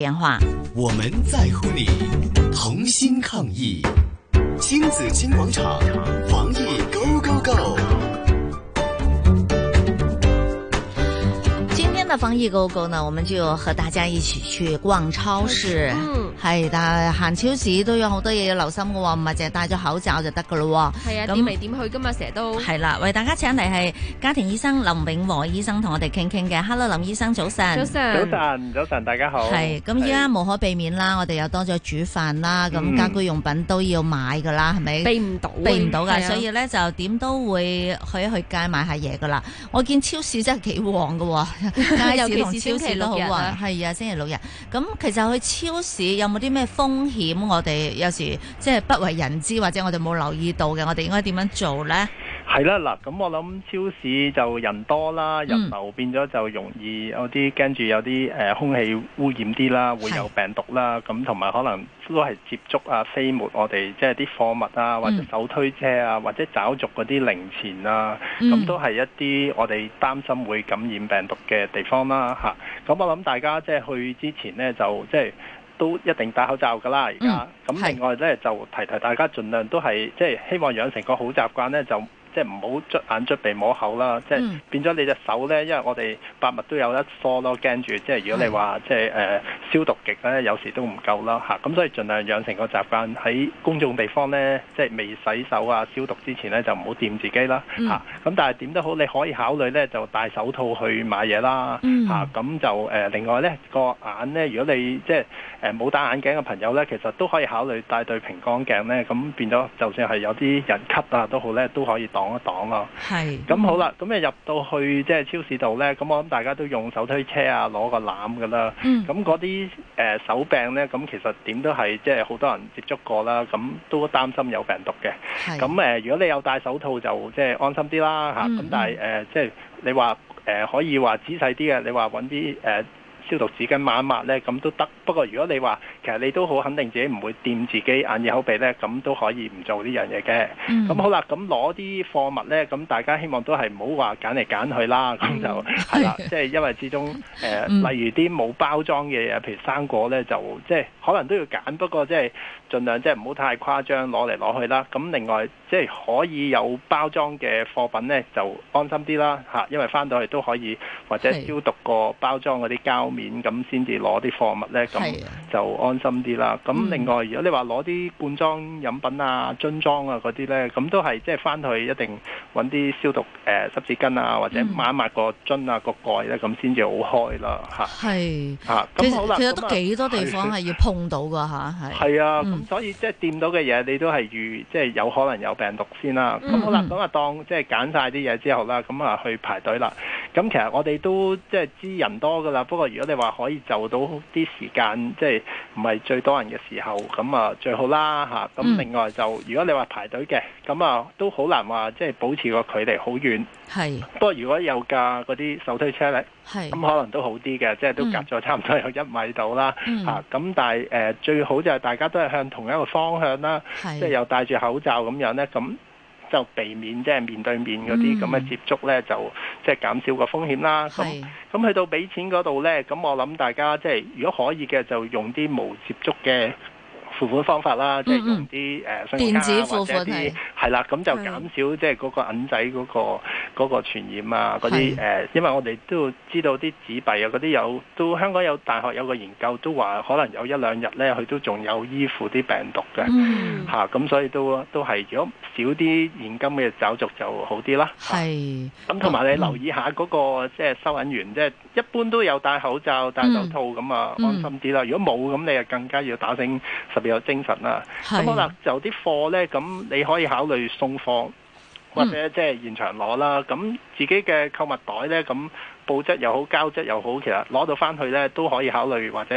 電話，我們在乎你，同心抗疫，金紫荊廣場，防疫 Go Go Go。那防疫嗰個呢，我們就和大家一起去逛超市。係，但係行超市都有好多嘢要留心嘅喎，唔係淨係就戴咗口罩就得嘅咯喎。係啊、嗯，點嚟點去噶嘛，成日都係啦。為大家請嚟係家庭醫生林永和醫生同我哋傾傾嘅。Hello，林醫生早晨。早晨上，早晨，早晨，大家好。係咁，依家無可避免啦，我哋又多咗煮飯啦，咁、嗯、家居用品都要買噶啦，係咪？避唔到，避唔到噶，哦、所以咧就點都會去一去街買下嘢噶啦。我見超市真係幾旺嘅、哦。 街市同超市都好啊，係啊， 星期六日。咁其實去超市有冇啲咩風險？我哋有時即係不為人知，或者我哋冇留意到嘅，我哋應該點樣做咧？係啦，嗱，咁我諗超市就人多啦，嗯、人流變咗就容易有啲驚住有啲誒、呃、空氣污染啲啦，會有病毒啦，咁同埋可能都係接觸啊飛沫，我哋即係啲貨物啊，或者手推車啊，嗯、或者找續嗰啲零錢啊，咁、嗯、都係一啲我哋擔心會感染病毒嘅地方啦，吓、啊。咁我諗大家即係去之前呢，就即係都一定戴口罩噶啦，而家。咁、嗯、另外咧是，就提提大家盡量都係即係希望養成個好習慣咧，就。即係唔好捽眼捽鼻摸口啦，嗯、即係變咗你隻手咧，因為我哋百物都有一疏咯，驚住即係如果你話即係誒、呃、消毒極咧，有時都唔夠啦嚇，咁、啊、所以盡量養成個習慣喺公眾地方咧，即係未洗手啊消毒之前咧，就唔好掂自己啦嚇。咁、啊、但係點都好，你可以考慮咧，就戴手套去買嘢啦嚇。咁、嗯啊、就誒、呃、另外咧個眼咧，如果你即係誒冇戴眼鏡嘅朋友咧，其實都可以考慮戴，戴對平光鏡咧，咁變咗就算係有啲人咳啊都好咧，都可以戴擋一擋咯，係咁是好啦。咁你入到去即係超市度呢。咁我諗大家都用手推車啊，攞個籃㗎啦。咁嗰啲誒手柄呢，咁其實點都係即係好多人接觸過啦。咁都擔心有病毒嘅。咁誒是、呃，如果你有戴手套就即係安心啲啦嚇。咁、嗯啊、但係誒、呃，即係你話誒、呃、可以話仔細啲嘅，你話揾啲誒，呃消毒紙巾抹一抹咧，咁都得。不過如果你話其實你都好肯定自己唔會掂自己眼耳口鼻咧，咁都可以唔做呢樣嘢嘅。咁、嗯、好啦，咁攞啲貨物咧，咁大家希望都係唔好話揀嚟揀去啦。咁就係、嗯、啦，即、就、係、是、因為始終誒，呃嗯、例如啲冇包裝嘅嘢，譬如生果咧，就即係、就是、可能都要揀。不過即係儘量即係唔好太誇張攞嚟攞去啦。咁另外即係、就是、可以有包裝嘅貨品咧，就安心啲啦嚇，因為翻到去都可以或者消毒過包裝嗰啲膠面。嗯咁先至攞啲貨物咧，咁就安心啲啦。咁另外如果你話攞啲罐裝飲品啊、樽裝啊嗰啲咧，咁都係即係返去一定搵啲消毒誒濕紙巾啊，或者抹一抹個樽啊、個蓋咧，咁先至好開啦嚇。係嚇，咁好啦，其實都幾多地方係要碰到㗎嚇，係係啊，咁所以即係掂到嘅嘢，你都係預即係有可能有病毒先啦。咁好啦，咁啊當即係揀晒啲嘢之後啦，咁啊去排隊啦。咁其實我哋都即係知人多㗎啦，不過如果你話可以就到啲時間，即係唔係最多人嘅時候，咁啊最好啦嚇。咁另外就、嗯、如果你話排隊嘅，咁啊都好難話即係保持個距離好遠。係是。不過如果有架嗰啲手推車咧，咁是可能都好啲嘅，是即係都隔咗差唔多有一米到啦嚇。咁、嗯啊、但係誒、呃、最好就係大家都係向同一個方向啦，即係是又戴住口罩咁樣咧咁。就避免即係、即係、面對面嗰啲咁嘅接觸咧，就即係減少個風險啦。咁咁是去到俾錢嗰度咧，咁我諗大家即係如果可以嘅，就用啲無接觸嘅付款方法啦，嗯、即係用啲誒信用卡啊或者啲係啦，咁就減少即係嗰個銀仔嗰、嗰個。嗰個傳染啊，嗰啲誒，是因為我哋都知道啲紙幣啊，嗰啲有都香港有大學有個研究都話，可能有一兩日咧，佢都仲有依附啲病毒嘅嚇，咁、嗯啊、所以都都係如果少啲現金嘅手續就好啲啦。係咁是，同埋、啊、你留意下嗰、那個、嗯、即係收銀員，即係一般都有戴口罩、戴手套咁啊，安心啲啦。嗯嗯、如果冇咁，你啊更加要打醒十二分有精神啦。咁好啦，就啲貨咧，咁你可以考慮送貨。或者即係現場攞啦，咁自己嘅購物袋呢，咁布質又好、膠質又好，其實攞到翻去呢，都可以考慮或者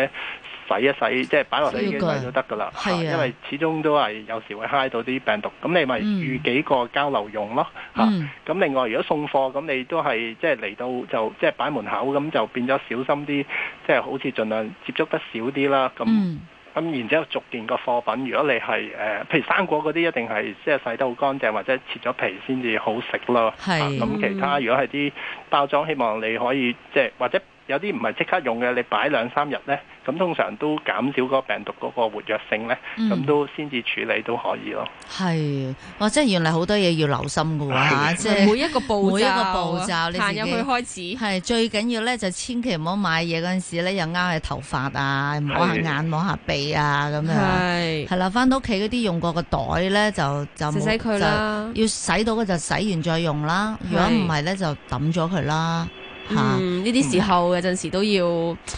洗一洗，即係擺落洗衣機都得噶啦。因為始終都係有時會嗨到啲病毒，咁你咪預幾個交流用咯。嚇、嗯，咁、啊、另外如果送貨咁，你都係即係嚟到就即係擺門口，咁就變咗小心啲，即、就、係、是、好似盡量接觸得少啲啦。咁。嗯咁、嗯、然之後，逐件個貨品，如果你係誒、呃，譬如生果嗰啲，一定係即係洗得好乾淨，或者切咗皮先至好食咯。係是，咁、啊、其他如果係啲包裝，希望你可以即係或者。有啲唔係即刻用嘅，你擺兩三日咧，咁通常都減少嗰個病毒嗰個活躍性咧，咁、嗯、都先至處理都可以咯。係，哇！即係原來好多嘢要留心嘅喎嚇，即係每一個步每一個步驟，行入去開始。係最緊要咧，就千祈唔好買嘢嗰陣時咧，又呃下頭髮啊，摸下眼的摸下鼻啊咁樣。係係啦，翻到屋企嗰啲用過嘅袋咧，就就唔使佢就要洗到嘅就洗完再用啦。如果唔係咧，就抌咗佢啦。嗯，呢啲時候有陣時都要，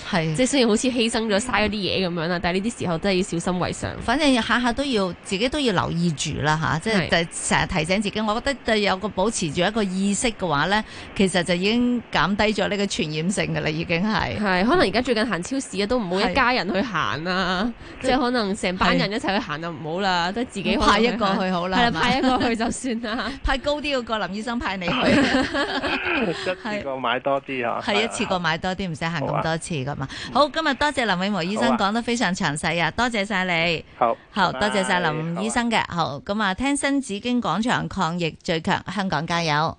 係即係雖然好似犧牲咗嘥嗰啲嘢咁樣啦，但係呢啲時候都係要小心為上，反正下下都要自己都要留意住啦吓，即係就係成日提醒自己。我覺得就有個保持住一個意識嘅話咧，其實就已經減低咗呢個傳染性噶啦，已經係。係，可能而家最近行超市啊，都唔好一家人去行啊，即係可能成班人一齊去行就唔好啦，都自己派一個去好啦，派一個去就算啦，派高啲個林醫生派你去，買多啲啊，係一次過買多啲，唔使行咁多次噶嘛。好，啊、好，今日多謝林永和醫生講、啊、得非常詳細啊，多謝晒你。好，好多謝晒林拜拜醫生嘅。好、啊，咁啊，聽新紫荊廣場抗疫最強，香港加油！